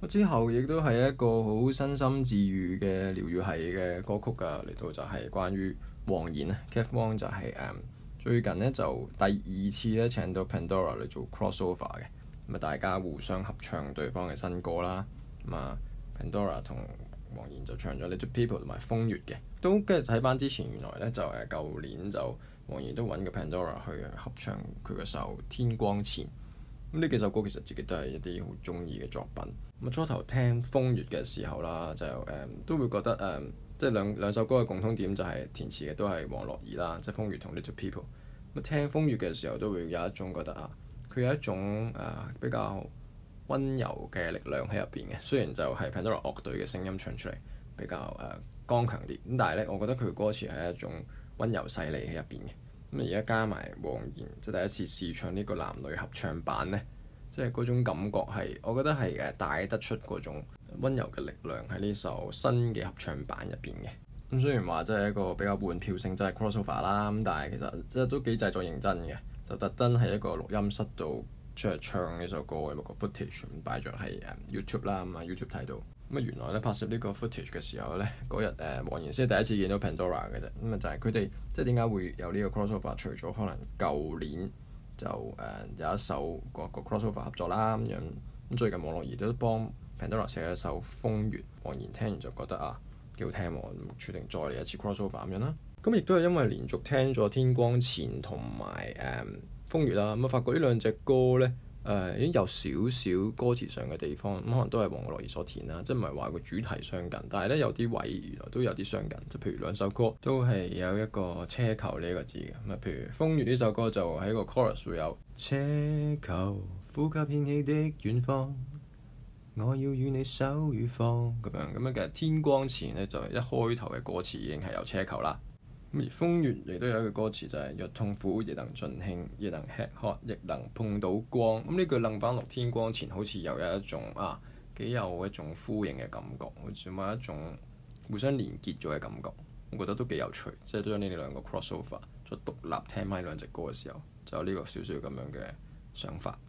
我之後亦都係一個好身心治癒嘅療愈系嘅歌曲㗎，嚟到就係關於黃妍啊 Cath Wong 就係、是、誒、嗯、最近咧就第二次咧請到 Pandora 嚟做 crossover 嘅，咁啊大家互相合唱對方嘅新歌啦，咁啊 Pandora 同黃妍就唱咗《Little People》同埋《風月》嘅，都跟住睇翻之前原來咧就誒舊年就黃妍都揾過 Pandora 去合唱佢嘅首《天光前》。咁呢幾首歌其實自己都係一啲好中意嘅作品。咁初頭聽風、嗯嗯《風月》嘅時候啦，就誒都會覺得誒，即係兩兩首歌嘅共通點就係填詞嘅都係王樂儀啦，即係《風月》同《Little People》。咁聽《風月》嘅時候都會有一種覺得啊，佢有一種誒、呃、比較温柔嘅力量喺入邊嘅。雖然就係 PANDORA 樂隊嘅聲音唱出嚟比較誒剛強啲，咁、呃、但係咧，我覺得佢嘅歌詞係一種温柔細膩喺入邊嘅。咁而家加埋黃妍，即係第一次試唱呢個男女合唱版呢，即係嗰種感覺係，我覺得係誒帶得出嗰種温柔嘅力量喺呢首新嘅合唱版入邊嘅。咁雖然話即係一個比較玩票性，即係 crossover 啦，咁但係其實即係都幾製作認真嘅，就特登喺一個錄音室度出唱呢首歌嘅錄個 footage，擺咗喺誒 YouTube 啦，咁啊 YouTube 睇到。咁啊，原來咧拍攝呢個 footage 嘅時候咧，嗰日誒黃妍先第一次見到 Pandora 嘅啫。咁啊，就係佢哋即係點解會有呢個 crossover？除咗可能舊年就誒、呃、有一首個個 crossover 合作啦咁樣。咁最近網絡亦都幫 Pandora 寫一首《風月》，黃妍聽完就覺得啊幾好聽喎，註定再嚟一次 crossover 咁樣啦。咁亦都係因為連續聽咗《天光前》同埋誒《風、呃、月、啊》啦，咁啊發覺兩呢兩隻歌咧。呃、已誒有少少歌詞上嘅地方咁，嗯嗯、可能都係王樂儀所填啦，即係唔係話個主題相近，但係咧有啲位原來都有啲相近，即係譬如兩首歌都係有一個車球呢一個字嘅咁啊。譬如《風月》呢首歌就喺個 chorus 會有車球，呼吸掀起的遠方，我要與你手與放咁樣咁樣嘅天光前咧就係一開頭嘅歌詞已經係有車球啦。咁而風月亦都有一句歌詞就係若痛苦亦能盡興，亦能吃喝，亦能，hot，亦能碰到光。咁呢、嗯、句撚翻落天光前，好似又有一種啊幾有一種呼應嘅感覺，好似咁有一種互相連結咗嘅感覺。我覺得都幾有趣，即係將呢兩個 crossover，再獨立聽埋兩隻歌嘅時候，就有呢個少少咁樣嘅想法。